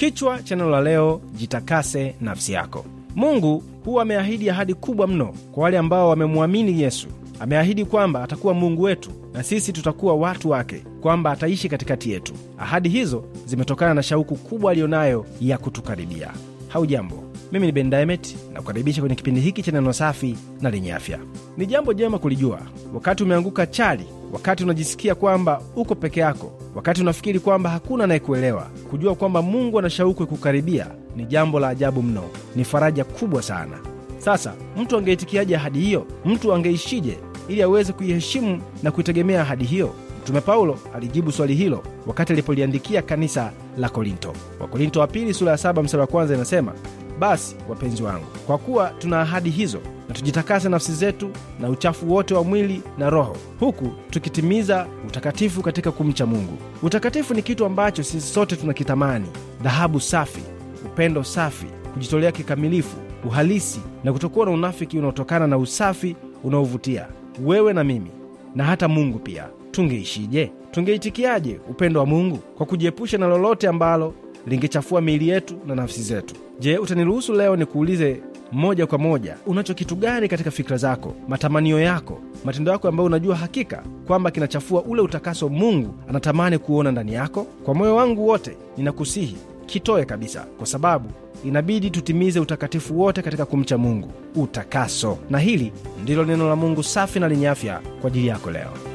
Kichwa cha neno la leo, jitakase nafsi yako. Mungu huwa ameahidi ahadi kubwa mno kwa wale ambao wamemwamini Yesu. Ameahidi kwamba atakuwa Mungu wetu na sisi tutakuwa watu wake, kwamba ataishi katikati yetu. Ahadi hizo zimetokana na shauku kubwa aliyonayo ya kutukaribia. Haujambo, mimi ni Ben Diamond na kukaribisha kwenye kipindi hiki cha neno safi na lenye afya. Ni jambo jema kulijua wakati umeanguka chali, wakati unajisikia kwamba uko peke yako Wakati unafikiri kwamba hakuna anayekuelewa, kujua kwamba Mungu ana shauku kukaribia ni jambo la ajabu mno, ni faraja kubwa sana. Sasa mtu angeitikiaje ahadi hiyo? Mtu angeishije ili aweze kuiheshimu na kuitegemea ahadi hiyo? Mtume Paulo alijibu swali hilo wakati alipoliandikia kanisa la Korinto. Wakorinto wa pili sura ya saba mstari wa kwanza inasema, basi wapenzi wangu, kwa kuwa tuna ahadi hizo na tujitakase nafsi zetu na uchafu wote wa mwili na roho, huku tukitimiza utakatifu katika kumcha Mungu. Utakatifu ni kitu ambacho sisi sote tunakitamani: dhahabu safi, upendo safi, kujitolea kikamilifu, uhalisi na kutokuwa na unafiki unaotokana na usafi unaovutia. Wewe na mimi na hata Mungu pia tungeishije? Tungeitikiaje upendo wa Mungu kwa kujiepusha na lolote ambalo lingechafua miili yetu na nafsi zetu? Je, utaniruhusu leo nikuulize moja kwa moja, unacho kitu gani katika fikra zako, matamanio yako, matendo yako ambayo unajua hakika kwamba kinachafua ule utakaso Mungu anatamani kuona ndani yako? Kwa moyo wangu wote ninakusihi kitoe kabisa, kwa sababu inabidi tutimize utakatifu wote katika kumcha Mungu, utakaso. Na hili ndilo neno la Mungu safi na lenye afya kwa ajili yako leo.